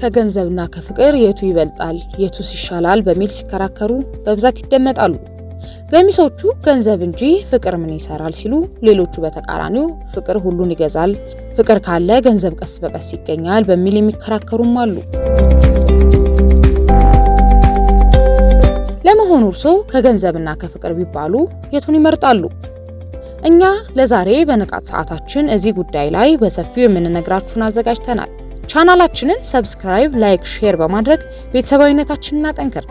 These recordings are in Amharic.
ከገንዘብና ከፍቅር የቱ ይበልጣል፣ የቱስ ይሻላል በሚል ሲከራከሩ በብዛት ይደመጣሉ። ገሚሶቹ ገንዘብ እንጂ ፍቅር ምን ይሰራል ሲሉ፣ ሌሎቹ በተቃራኒው ፍቅር ሁሉን ይገዛል፣ ፍቅር ካለ ገንዘብ ቀስ በቀስ ይገኛል በሚል የሚከራከሩም አሉ። ለመሆኑ እርሶ ከገንዘብና ከፍቅር ቢባሉ የቱን ይመርጣሉ? እኛ ለዛሬ በንቃት ሰዓታችን እዚህ ጉዳይ ላይ በሰፊው የምንነግራችሁን አዘጋጅተናል። ቻናላችንን ሰብስክራይብ፣ ላይክ፣ ሼር በማድረግ ቤተሰባዊነታችንን እናጠንክር።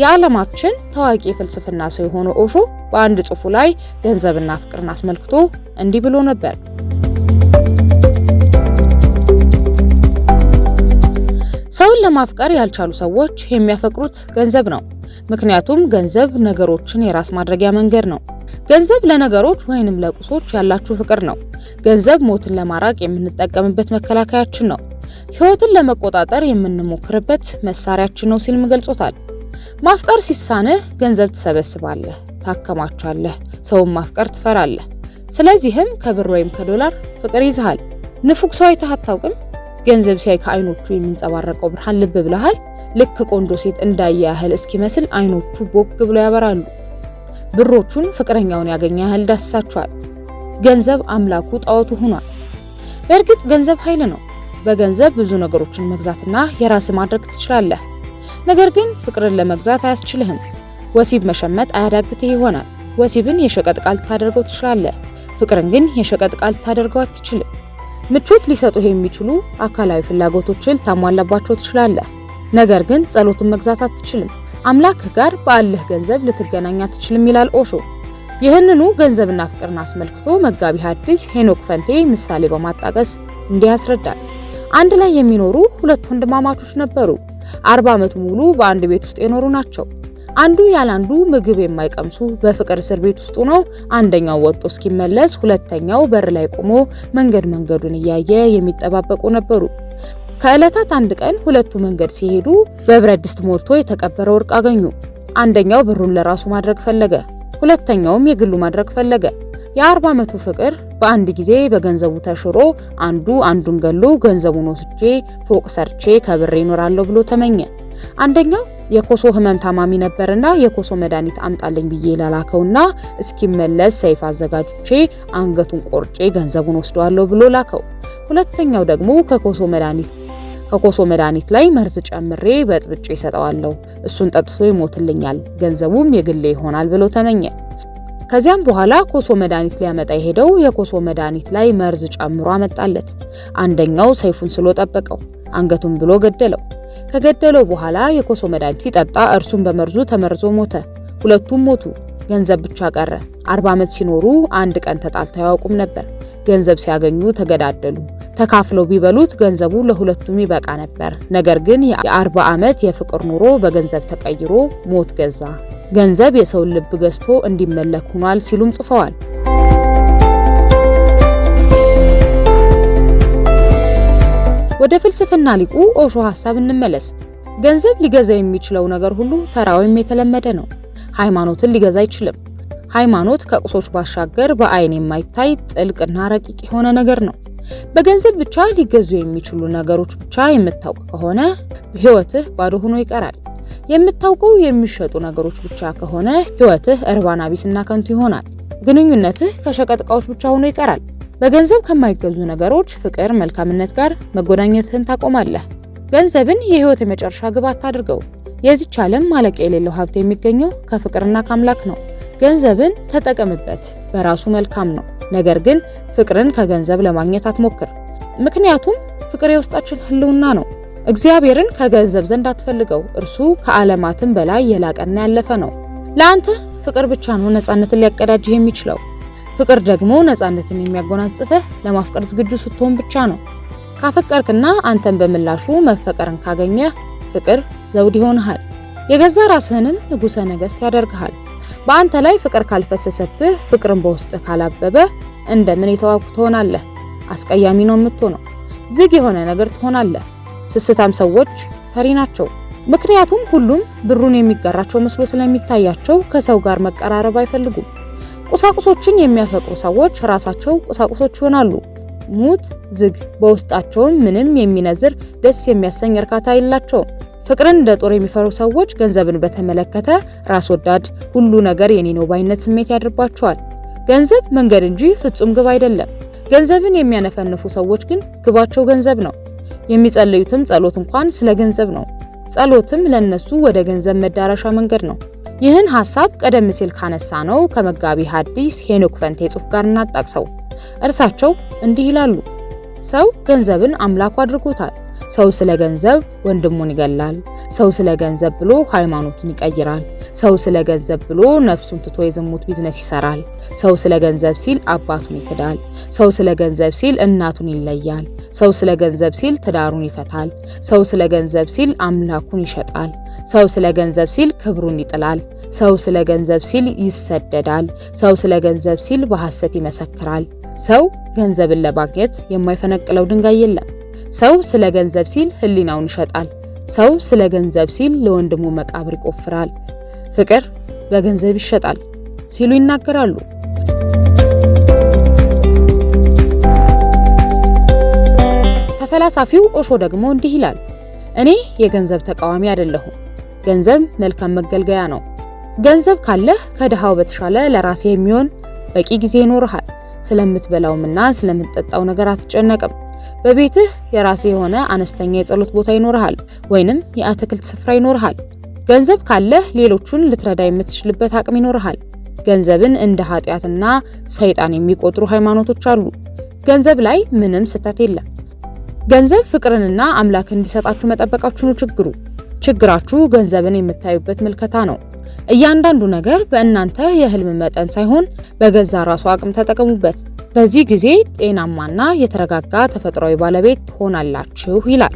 የዓለማችን ታዋቂ የፍልስፍና ሰው የሆነ ኦሾ በአንድ ጽሑፉ ላይ ገንዘብና ፍቅርን አስመልክቶ እንዲህ ብሎ ነበር። ሰውን ለማፍቀር ያልቻሉ ሰዎች የሚያፈቅሩት ገንዘብ ነው። ምክንያቱም ገንዘብ ነገሮችን የራስ ማድረጊያ መንገድ ነው። ገንዘብ ለነገሮች ወይንም ለቁሶች ያላችሁ ፍቅር ነው። ገንዘብ ሞትን ለማራቅ የምንጠቀምበት መከላከያችን ነው። ህይወትን ለመቆጣጠር የምንሞክርበት መሳሪያችን ነው ሲልም ገልጾታል። ማፍቀር ሲሳንህ ገንዘብ ትሰበስባለህ፣ ታከማቻለህ፣ ሰውን ማፍቀር ትፈራለህ። ስለዚህም ከብር ወይም ከዶላር ፍቅር ይዝሃል። ንፉግ ሰው አይተህ አታውቅም? ገንዘብ ሲያይ ከአይኖቹ የሚንጸባረቀው ብርሃን ልብ ብለሃል? ልክ ቆንጆ ሴት እንዳየ ያህል እስኪመስል አይኖቹ ቦግ ብሎ ያበራሉ። ብሮቹን ፍቅረኛውን ያገኘ ያህል ዳሳቸዋል። ገንዘብ አምላኩ ጣዖቱ ሆኗል። በእርግጥ ገንዘብ ኃይል ነው። በገንዘብ ብዙ ነገሮችን መግዛትና የራስ ማድረግ ትችላለህ። ነገር ግን ፍቅርን ለመግዛት አያስችልህም። ወሲብ መሸመት አያዳግትህ ይሆናል። ወሲብን የሸቀጥ ቃል ታደርገው ትችላለህ። ፍቅርን ግን የሸቀጥ ቃል ታደርገው አትችልም። ምቾት ሊሰጡህ የሚችሉ አካላዊ ፍላጎቶችን ታሟላባቸው ትችላለህ። ነገር ግን ጸሎትን መግዛት አትችልም። አምላክህ ጋር በአለህ ገንዘብ ልትገናኝ አትችልም ይላል ኦሾ። ይህንኑ ገንዘብና ፍቅርን አስመልክቶ መጋቢ ሐዲስ ሄኖክ ፈንቴ ምሳሌ በማጣቀስ እንዲህ ያስረዳል። አንድ ላይ የሚኖሩ ሁለት ወንድማማቾች ነበሩ። አርባ ዓመት ሙሉ በአንድ ቤት ውስጥ የኖሩ ናቸው። አንዱ ያላንዱ ምግብ የማይቀምሱ በፍቅር እስር ቤት ውስጥ ሆነው አንደኛው ወጥቶ እስኪመለስ ሁለተኛው በር ላይ ቆሞ መንገድ መንገዱን እያየ የሚጠባበቁ ነበሩ። ከዕለታት አንድ ቀን ሁለቱ መንገድ ሲሄዱ በብረት ድስት ሞልቶ የተቀበረ ወርቅ አገኙ። አንደኛው ብሩን ለራሱ ማድረግ ፈለገ፣ ሁለተኛውም የግሉ ማድረግ ፈለገ። የአርባ ዓመቱ ፍቅር በአንድ ጊዜ በገንዘቡ ተሽሮ አንዱ አንዱን ገሎ ገንዘቡን ወስጄ ፎቅ ሰርቼ ከብሬ ይኖራለሁ ብሎ ተመኘ። አንደኛው የኮሶ ህመም ታማሚ ነበርና የኮሶ መድኃኒት አምጣልኝ ብዬ ላላከውና እስኪመለስ ሰይፍ አዘጋጅቼ አንገቱን ቆርጬ ገንዘቡን ወስደዋለሁ ብሎ ላከው። ሁለተኛው ደግሞ ከኮሶ መድኃኒት ከኮሶ መድኃኒት ላይ መርዝ ጨምሬ በጥብጬ ይሰጠዋለሁ። እሱን ጠጥቶ ይሞትልኛል፣ ገንዘቡም የግሌ ይሆናል ብሎ ተመኘ። ከዚያም በኋላ ኮሶ መድኃኒት ሊያመጣ የሄደው የኮሶ መድኃኒት ላይ መርዝ ጨምሮ አመጣለት። አንደኛው ሰይፉን ስሎ ጠበቀው፣ አንገቱን ብሎ ገደለው። ከገደለው በኋላ የኮሶ መድኃኒት ሲጠጣ እርሱን በመርዙ ተመርዞ ሞተ። ሁለቱም ሞቱ፣ ገንዘብ ብቻ ቀረ። አርባ ዓመት ሲኖሩ አንድ ቀን ተጣልተው አያውቁም ነበር። ገንዘብ ሲያገኙ ተገዳደሉ። ተካፍለው ቢበሉት ገንዘቡ ለሁለቱም ይበቃ ነበር። ነገር ግን የአርባ ዓመት የፍቅር ኑሮ በገንዘብ ተቀይሮ ሞት ገዛ። ገንዘብ የሰውን ልብ ገዝቶ እንዲመለክ ሆኗል ሲሉም ጽፈዋል። ወደ ፍልስፍና ሊቁ ኦሾ ሀሳብ እንመለስ። ገንዘብ ሊገዛ የሚችለው ነገር ሁሉ ተራ ወይም የተለመደ ነው። ሃይማኖትን ሊገዛ አይችልም። ሃይማኖት ከቁሶች ባሻገር በአይን የማይታይ ጥልቅና ረቂቅ የሆነ ነገር ነው። በገንዘብ ብቻ ሊገዙ የሚችሉ ነገሮች ብቻ የምታውቅ ከሆነ ህይወትህ ባዶ ሆኖ ይቀራል። የምታውቀው የሚሸጡ ነገሮች ብቻ ከሆነ ህይወትህ እርባና ቢስና ከንቱ ይሆናል። ግንኙነትህ ከሸቀጥ እቃዎች ብቻ ሆኖ ይቀራል። በገንዘብ ከማይገዙ ነገሮች ፍቅር፣ መልካምነት ጋር መጎዳኘትህን ታቆማለህ። ገንዘብን የህይወት የመጨረሻ ግብ አታድርገው። የዚች ዓለም ማለቂያ የሌለው ሀብት የሚገኘው ከፍቅርና ከአምላክ ነው። ገንዘብን ተጠቀምበት፣ በራሱ መልካም ነው። ነገር ግን ፍቅርን ከገንዘብ ለማግኘት አትሞክር። ምክንያቱም ፍቅር የውስጣችን ህልውና ነው። እግዚአብሔርን ከገንዘብ ዘንድ አትፈልገው። እርሱ ከዓለማትም በላይ የላቀና ያለፈ ነው። ለአንተ ፍቅር ብቻ ነው ነፃነትን ሊያቀዳጅህ የሚችለው። ፍቅር ደግሞ ነፃነትን የሚያጎናጽፈህ ለማፍቀር ዝግጁ ስትሆን ብቻ ነው። ካፈቀርክና አንተን በምላሹ መፈቀርን ካገኘህ ፍቅር ዘውድ ይሆንሃል። የገዛ ራስህንም ንጉሠ ነገሥት ያደርግሃል። በአንተ ላይ ፍቅር ካልፈሰሰብህ፣ ፍቅርን በውስጥ ካላበበ እንደምን የተዋብክ ትሆናለህ? አስቀያሚ ነው የምትሆነው። ዝግ የሆነ ነገር ትሆናለህ። ስስታም ሰዎች ፈሪ ናቸው። ምክንያቱም ሁሉም ብሩን የሚጋራቸው መስሎ ስለሚታያቸው ከሰው ጋር መቀራረብ አይፈልጉም። ቁሳቁሶችን የሚያፈቅሩ ሰዎች ራሳቸው ቁሳቁሶች ይሆናሉ። ሙት፣ ዝግ፣ በውስጣቸውም ምንም የሚነዝር ደስ የሚያሰኝ እርካታ የላቸውም። ፍቅርን እንደ ጦር የሚፈሩ ሰዎች ገንዘብን በተመለከተ ራስ ወዳድ፣ ሁሉ ነገር የኔ ነው ባይነት ስሜት ያድርባቸዋል። ገንዘብ መንገድ እንጂ ፍጹም ግብ አይደለም። ገንዘብን የሚያነፈንፉ ሰዎች ግን ግባቸው ገንዘብ ነው። የሚጸልዩትም ጸሎት እንኳን ስለ ገንዘብ ነው። ጸሎትም ለነሱ ወደ ገንዘብ መዳረሻ መንገድ ነው። ይህን ሀሳብ ቀደም ሲል ካነሳ ነው ከመጋቢ ሐዲስ ሄኖክ ፈንቴ ጽሑፍ ጋር እናጣቅሰው። እርሳቸው እንዲህ ይላሉ። ሰው ገንዘብን አምላኩ አድርጎታል። ሰው ስለ ገንዘብ ወንድሙን ይገላል። ሰው ስለ ገንዘብ ብሎ ሃይማኖቱን ይቀይራል። ሰው ስለ ገንዘብ ብሎ ነፍሱን ትቶ የዝሙት ቢዝነስ ይሰራል። ሰው ስለ ገንዘብ ሲል አባቱን ይክዳል። ሰው ስለ ገንዘብ ሲል እናቱን ይለያል። ሰው ስለ ገንዘብ ሲል ትዳሩን ይፈታል። ሰው ስለ ገንዘብ ሲል አምላኩን ይሸጣል። ሰው ስለ ገንዘብ ሲል ክብሩን ይጥላል። ሰው ስለ ገንዘብ ሲል ይሰደዳል። ሰው ስለ ገንዘብ ሲል በሐሰት ይመሰክራል። ሰው ገንዘብን ለማግኘት የማይፈነቅለው ድንጋይ የለም። ሰው ስለ ገንዘብ ሲል ህሊናውን ይሸጣል። ሰው ስለ ገንዘብ ሲል ለወንድሙ መቃብር ይቆፍራል። ፍቅር በገንዘብ ይሸጣል ሲሉ ይናገራሉ። ተፈላሳፊው ኦሾ ደግሞ እንዲህ ይላል፣ እኔ የገንዘብ ተቃዋሚ አይደለሁም። ገንዘብ መልካም መገልገያ ነው። ገንዘብ ካለህ ከድሃው በተሻለ ለራሴ የሚሆን በቂ ጊዜ ይኖርሃል። ስለምትበላውምና ስለምትጠጣው ነገር አትጨነቅም። በቤትህ የራስህ የሆነ አነስተኛ የጸሎት ቦታ ይኖርሃል፣ ወይንም የአትክልት ስፍራ ይኖርሃል። ገንዘብ ካለህ ሌሎቹን ልትረዳ የምትችልበት አቅም ይኖርሃል። ገንዘብን እንደ ኃጢአትና ሰይጣን የሚቆጥሩ ሃይማኖቶች አሉ። ገንዘብ ላይ ምንም ስህተት የለም። ገንዘብ ፍቅርንና አምላክ እንዲሰጣችሁ መጠበቃችሁ ነው ችግሩ። ችግራችሁ ገንዘብን የምታዩበት ምልከታ ነው። እያንዳንዱ ነገር በእናንተ የህልም መጠን ሳይሆን በገዛ ራሱ አቅም ተጠቀሙበት። በዚህ ጊዜ ጤናማና የተረጋጋ ተፈጥሯዊ ባለቤት ትሆናላችሁ ይላል።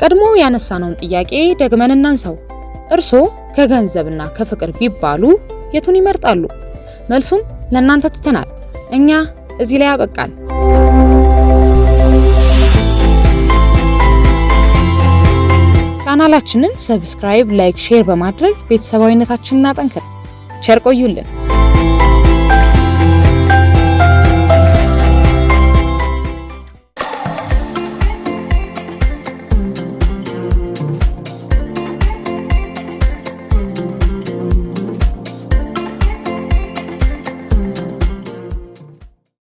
ቀድሞ ያነሳነውን ጥያቄ ደግመን እናንሳው። እርስዎ ከገንዘብና ከፍቅር ቢባሉ የቱን ይመርጣሉ? መልሱም ለእናንተ ትተናል። እኛ እዚህ ላይ ያበቃል። ቻናላችንን ሰብስክራይብ፣ ላይክ፣ ሼር በማድረግ ቤተሰባዊነታችንን እናጠንክር። ቸር ቆዩልን።